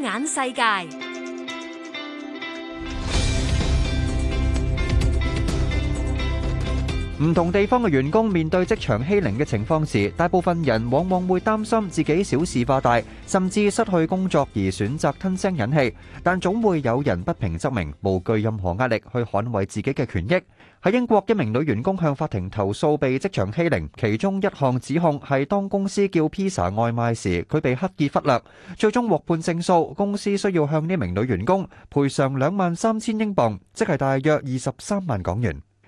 眼世界。唔同地方嘅員工面對職場欺凌嘅情況時，大部分人往往會擔心自己小事化大，甚至失去工作而選擇吞聲忍氣。但總會有人不平則鳴，無懼任何壓力去捍衛自己嘅權益。喺英國，一名女員工向法庭投訴被職場欺凌，其中一項指控係當公司叫披薩外賣時，佢被刻意忽略。最終獲判勝訴，公司需要向呢名女員工賠償兩萬三千英鎊，即係大約二十三萬港元。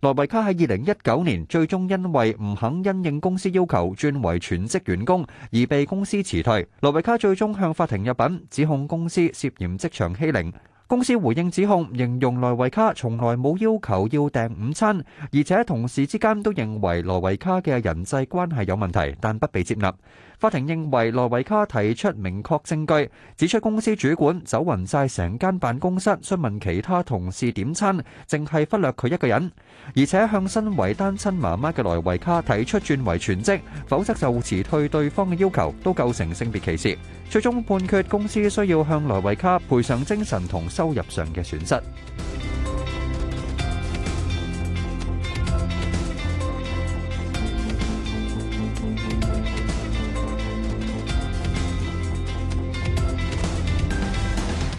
萊維卡喺二零一九年最終因為唔肯因應公司要求轉為全職員工，而被公司辭退。萊維卡最終向法庭入稟，指控公司涉嫌職場欺凌。公司回應指控，形容萊維卡從來冇要求要訂午餐，而且同事之間都認為萊維卡嘅人際關係有問題，但不被接納。法庭認為萊維卡提出明確證據，指出公司主管走勻晒成間辦公室，詢問其他同事點餐，淨係忽略佢一個人，而且向身為單親媽媽嘅萊維卡提出轉為全職，否則就辭退對方嘅要求，都構成性別歧視。最終判決公司需要向萊維卡賠償精神同。收入上嘅損失。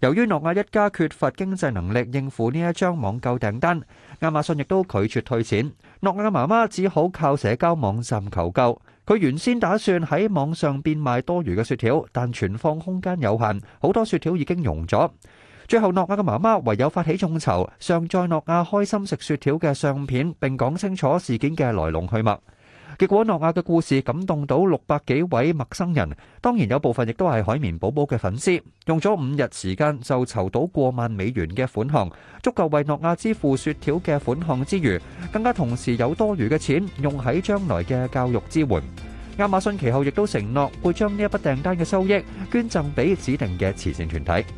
由於諾亞一家缺乏經濟能力應付呢一張網購訂單，亞馬遜亦都拒絕退錢。諾亞嘅媽媽只好靠社交網站求救。佢原先打算喺網上變賣多餘嘅雪條，但存放空間有限，好多雪條已經溶咗。最後，諾亞嘅媽媽唯有發起眾籌，上載諾亞開心食雪條嘅相片，並講清楚事件嘅來龍去脈。結果諾亞嘅故事感動到六百幾位陌生人，當然有部分亦都係海綿寶寶嘅粉絲，用咗五日時間就籌到過萬美元嘅款項，足夠為諾亞支付雪條嘅款項之餘，更加同時有多餘嘅錢用喺將來嘅教育支援。亞馬遜其後亦都承諾會將呢一筆訂單嘅收益捐贈俾指定嘅慈善團體。